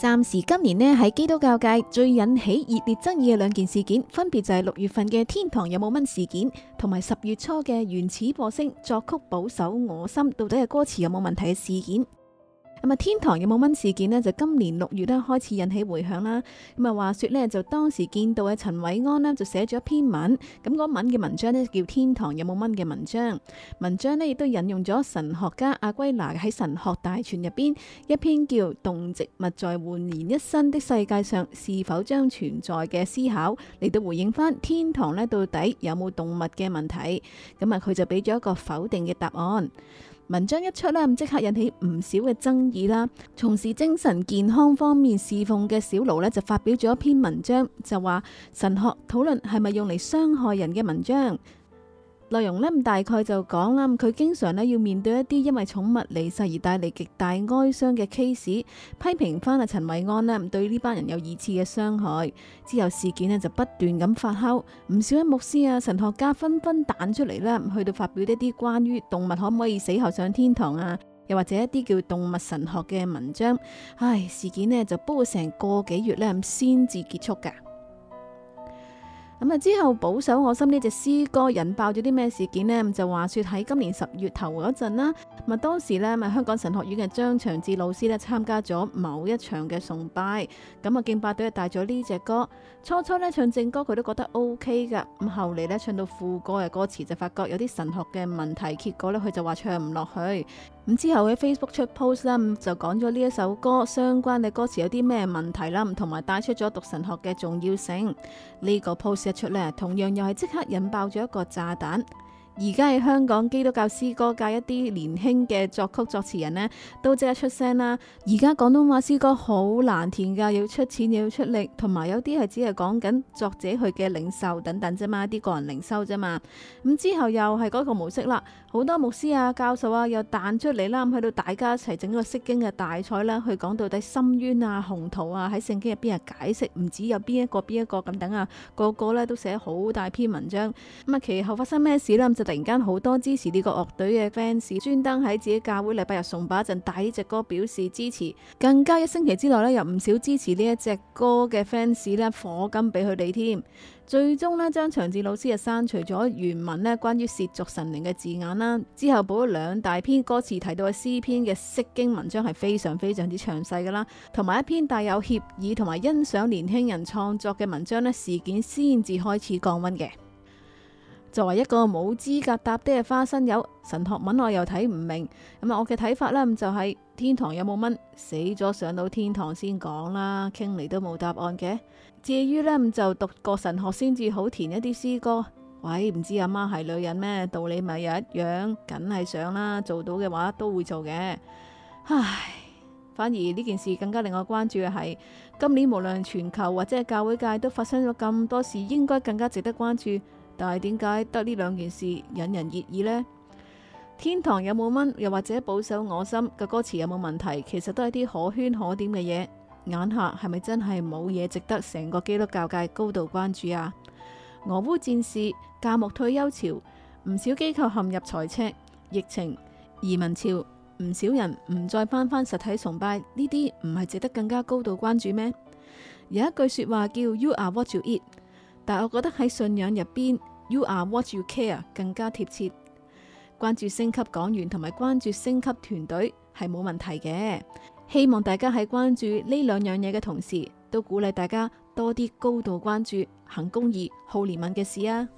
暫時今年呢，喺基督教界最引起熱烈爭議嘅兩件事件，分別就係六月份嘅天堂有冇蚊事件，同埋十月初嘅原始播星作曲保守我心到底係歌詞有冇問題嘅事件。咁啊，天堂有冇蚊事件呢，就今年六月呢開始引起回響啦。咁啊，話說呢，就當時見到嘅陳偉安呢，就寫咗一篇文。咁、那、嗰、個、文嘅文章呢，叫《天堂有冇蚊》嘅文章。文章呢，亦都引用咗神學家阿圭拿喺《神學大全》入邊一篇叫《動植物在煥然一新的世界上是否將存在》嘅思考嚟到回應翻天堂呢，到底有冇動物嘅問題。咁啊，佢就俾咗一個否定嘅答案。文章一出咧，即刻引起唔少嘅爭議啦。從事精神健康方面侍奉嘅小盧咧，就發表咗一篇文章，就話神學討論係咪用嚟傷害人嘅文章？內容呢，大概就講啦，佢經常呢要面對一啲因為寵物離世而帶嚟極大哀傷嘅 case，批評翻阿陳偉安呢對呢班人有二次嘅傷害。之後事件呢就不斷咁發酵，唔少嘅牧師啊、神學家紛紛彈出嚟呢，去到發表一啲關於動物可唔可以死後上天堂啊，又或者一啲叫動物神學嘅文章。唉，事件呢就煲成個幾月呢，咁先至結束噶。咁啊之後保守我心呢隻詩歌引爆咗啲咩事件呢？就話說喺今年十月頭嗰陣啦，啊當時咧，咪香港神學院嘅張長志老師呢，參加咗某一場嘅崇拜，咁啊敬拜隊係帶咗呢隻歌，初初呢唱正歌佢都覺得 OK 㗎，咁後嚟呢唱到副歌嘅歌詞就發覺有啲神學嘅問題，結果呢，佢就話唱唔落去。咁之後喺 Facebook 出 post 啦，就講咗呢一首歌相關嘅歌詞有啲咩問題啦，同埋帶出咗讀神學嘅重要性。呢個 post 一出咧，同樣又係即刻引爆咗一個炸彈。而家係香港基督教詩歌界一啲年輕嘅作曲作詞人呢，都即刻出聲啦。而家廣東話詩歌好難填㗎，要出錢又要出力，同埋有啲係只係講緊作者佢嘅領受等等啫嘛，啲個人領受啫嘛。咁之後又係嗰個模式啦，好多牧師啊、教授啊又彈出嚟啦，咁喺度大家一齊整個釋經嘅大賽啦，去講到底深淵啊、宏圖啊喺聖經入邊呀解釋，唔只有邊一個邊一個咁等啊，個個咧都寫好大篇文章。咁啊，其後發生咩事啦？就。突然間好多支持呢個樂隊嘅 fans 專登喺自己教會禮拜日崇拜一陣，帶呢隻歌表示支持。更加一星期之內咧，有唔少支持呢一隻歌嘅 fans 咧，火金俾佢哋添。最終咧，張長治老師啊刪除咗原文咧關於褻瀆神靈嘅字眼啦。之後補咗兩大篇歌詞提到嘅詩篇嘅釋經文章係非常非常之詳細噶啦，同埋一篇帶有歉意同埋欣賞年輕人創作嘅文章咧。事件先至開始降溫嘅。作為一個冇資格答啲嘅花生友，神學文我又睇唔明。咁啊、就是，我嘅睇法呢，就係天堂有冇蚊死咗上到天堂先講啦，傾嚟都冇答案嘅。至於呢，就讀個神學先至好填一啲詩歌。喂，唔知阿媽係女人咩？道理咪又一樣，梗係想啦，做到嘅話都會做嘅。唉，反而呢件事更加令我關注嘅係今年，無論全球或者教會界都發生咗咁多事，應該更加值得關注。但係點解得呢兩件事引人熱議呢？天堂有冇蚊？又或者保守我心嘅歌詞有冇問題？其實都係啲可圈可點嘅嘢。眼下係咪真係冇嘢值得成個基督教界高度關注啊？俄烏戰事、教牧退休潮、唔少機構陷入財赤、疫情、移民潮、唔少人唔再翻返實體崇拜，呢啲唔係值得更加高度關注咩？有一句說話叫 You are what you eat，但我覺得喺信仰入邊。You are what you care，更加貼切。關注升級講員同埋關注升級團隊係冇問題嘅。希望大家喺關注呢兩樣嘢嘅同時，都鼓勵大家多啲高度關注行公義、好憐憫嘅事啊！